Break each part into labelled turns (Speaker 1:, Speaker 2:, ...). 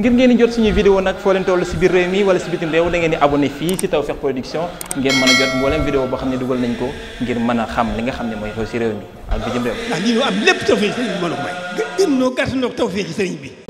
Speaker 1: ngir ngeen di jot suñuy vidéo nag foo leen toll si biir réew mi wala si bitim réew da di abonné fii si Tawfekh Production ngeen mën a jot mboolem vidéo boo xam ne dugal nañ ko
Speaker 2: ngir mën a xam li nga xam ne mooy xew si réew mi ak bitim réew.
Speaker 1: ndax lii may. gën
Speaker 2: noo gàtt noo Tawfekh sëriñ bi.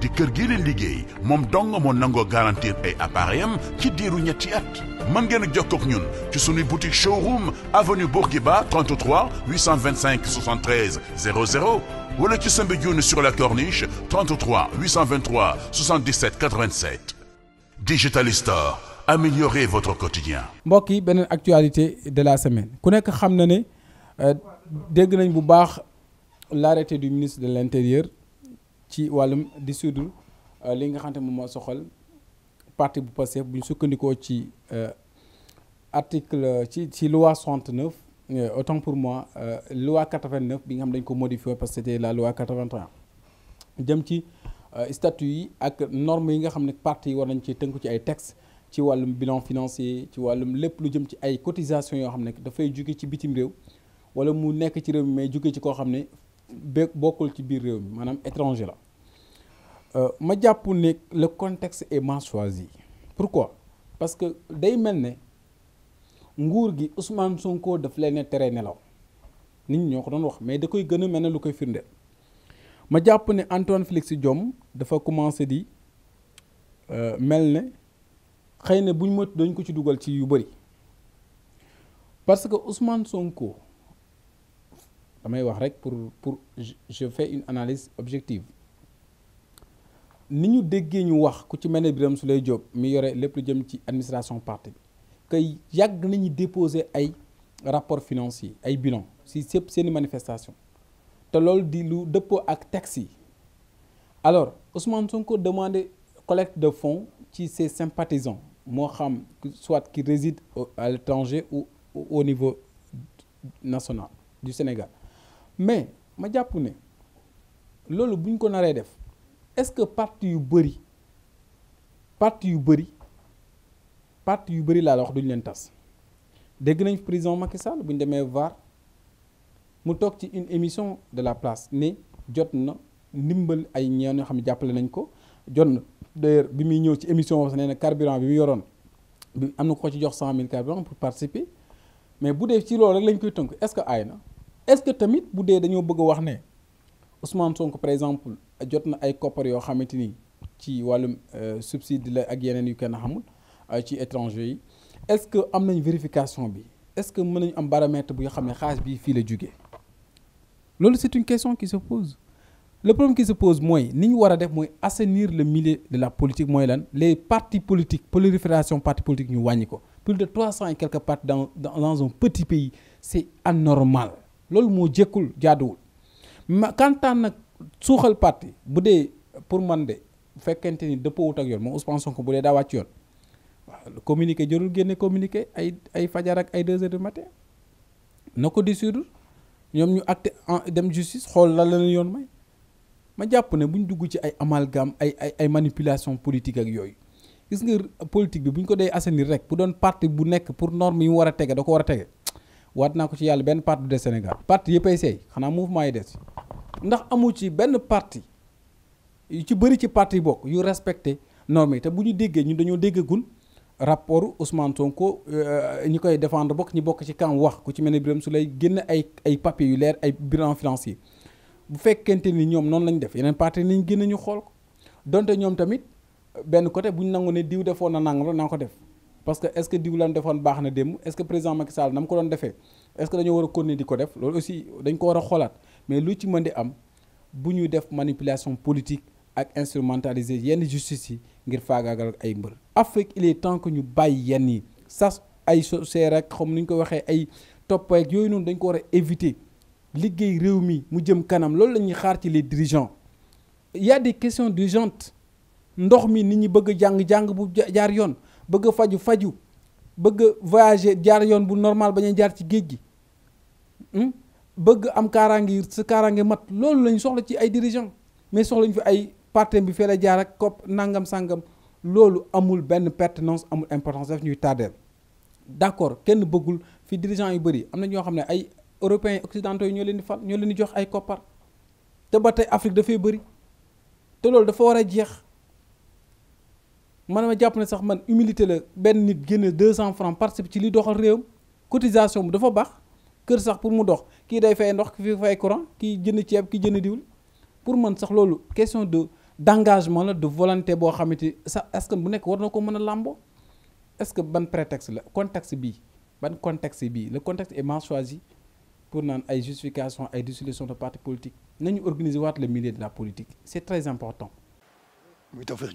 Speaker 2: di kër gi leen liggéey moom dong moo nangoo garantir ay appareil ci diiru ñetti at mën ngeen a jokkoo ak ñun ci suñuy boutique showroom avenue Bourguiba 33 825 73 00 wala ci Soumbédioune sur la corniche 33 823 77 87 Digital Store améliorez votre quotidien.
Speaker 1: mbokk yi beneen actualité de la semaine ku nekk xam na ne euh, dégg nañ bu baax l'arrêté du ministre de l'intérieur. ci wàllum di sudur euh, li nga xamante moom moo soxal parti bu Pastef bu ñu sukkandikoo ci euh, article ci ci loi 69 euh, autant pour moi loi 89 bi nga xam dañ ko modifié parce que c'était la loi jëm ci statut yi ak norme yi nga xam ne parti war nañ ci tënku ci ay textes ci wàllum bilan financier ci wàllum lépp lu jëm ci ay cotisations yoo xam ne dafay jóge ci bitim réew wala mu nekk ci réew mi mais jóge ci koo xam ne bé bokkul ci biir réew mi maanaam étranger la euh, ma jàpp ne le contexte est mal choisi pourquoi parce que day mel ne nguur gi Ousmane Sonko daf leen tere nelaw nit ñoo ko doon wax mais da koy gën a mel ne lu koy firndeel ma jàpp ne Antoine Félix Diome dafa commencé di euh, mel ne xëy na buñ mot dañ ko ci dugal ci yu bëri parce que Ousmane Sonko. damay wax rek pour pour je fais une analyse objective ni ñu déggee ñu wax ku ci mel ne Birame Souleye Diop mi yore lépp lu jëm ci administration parti kay yàgg nañu déposer ay rapport financier ay bilan si sëpp seeni manifestation te loolu di lu dëppoo ak taxe yi alors Ousmane Sonko demandé collecte de fonds ci ses sympathisants moo xam soit qui réside à l'étranger ou au niveau national du Sénégal mais ma jàpp ne loolu bu ñu ko naree def est-ce que parti yu bëri parti yu bëri parti yu bari laa la wax duñu leen tas dégg nañ président Macky Sall bu ñu demee VAR mu toog ci une émission de la place ni jot na ndimbal ay ñeen yoo xam ne jàppale nañ ko jot na d'ailleurs bi muy ñëw ci émission wax nee carburant bi mu yoroon bi am na ko ci jox cent mille carburant pour participer mais bu dee ci loolu rek lañ koy tënk est-ce que aay na est-ce que tamit bu dee dañoo bëgg wax ne Ousmane Sonko par exemple jot na ay koppar yoo xamante ni ci wàllum euh, subside la ak yeneen yu kenn xamul euh, ci étranger yi est-ce que am nañu vérification bi est-ce que mën nañu am baromètre bu nga xam ne xaalis bi fii la jógee loolu c'est une question qui se pose le problème qui se pose mooy ni ñu war a def mooy assainir le milieu de la politique mooy lan les parti politiques prolifération parti politiques ñu wàññi ko plus de trois cent et quelques partis dans dans un petit pays c'est anormal loolu moo jëkkul jaaduwul ma kantaan nag suuxal parti bu dee pour man de fekkente ni dëppoowut ak yoon moom Ousmane Sonko bu dee daa wàcc yoon waaw communiqué jërul génne communiqué ay ay fajar ak ay deux heures du matin na ko di suivre ñoom ñu acte dem justice xool la leen yoon may ma jàpp ne bu ñu dugg ci ay amalgame ay ay ay manipulation politique ak yooyu gis nga politique bi bu ñu ko dee assainir rek bu doon parti bu nekk pour norme yi war a tege da ko war a tege waat naa ko ci yàlla benn parti du des Sénégal parti yëpp ay seey xanaa mouvement yi des ndax amu ci benn parti yu ci bëri ci parti yi bokk yu respecté normes yi te bu ñu déggee ñu dañoo déggagul rapport Ousmane Sonko euh, ñi koy défendre bokk ñi bokk ci camp wax ku ci mel ne su Souleye génn ay ay papiers yu leer ay bilan financier bu fekkente ni ñoom noonu lañ def yeneen parti nañ génn ñu xool ko donte ñoom tamit benn côté bu ñu nangu ne diw defoon na nangam la naa ko def. parce que est-ce que diw defoon baax na démb est-ce que président Macky Sall na mu ko doon defee est-ce que dañoo war a di ko def loolu aussi dañ ko war a xoolaat mais lu ci mën di am bu ñu def manipulation politique ak instrumentaliser yenn justice yi ngir faagaagal ay mbër. Afrique il est que ñu bàyyi yenn yi sas ay seer ak xam ni ñu ko waxee ay topp ak yooyu noonu dañ ko war a éviter liggéey réew mi mu jëm kanam loolu la ñuy xaar ci les dirigeants il y a des questions ndox mi nit ñi bëgg jàng jàng bu jaar yoon. bëgg faju faju bëgg a voyager jaar yoon bu normal bañ a jaar ci géej gi hmm? bëgg am kaaraange yi sa kaaraange mat loolu lañu soxla ci ay dirigeant mais soxlañu fi ay partenaire bi fee la jaar ak kopp nangam sangam loolu amul benn pertenance amul importance daf ñuy tardeel d'accord kenn bëggul fi dirigeant yu bëri am na ñoo xam ne ay européens occidentaux yi ñoo leen di fal ñoo leen di jox ay koppar te ba tey Afrique dafay bëri te loolu dafa war a jeex man ma jàpp ne sax man humilité la benn nit génne 200 francs participe ci li doxal réewam cotisation bi dafa baax kër sax pour mu dox kii day fay ndox kii fay courant kii jënd ceeb kii jënn diwul pour man sax loolu question de d'engagement la de volonté boo xamante sax est bu nekk war na ko mën a làmboo est-ce que ban prétexte la contexte bii ban contexte bii le contexte est mal choisi pour naan ay justification ay dissolution de parti politique nañu organiser waat le milieu de la politique important. muy Tawfekh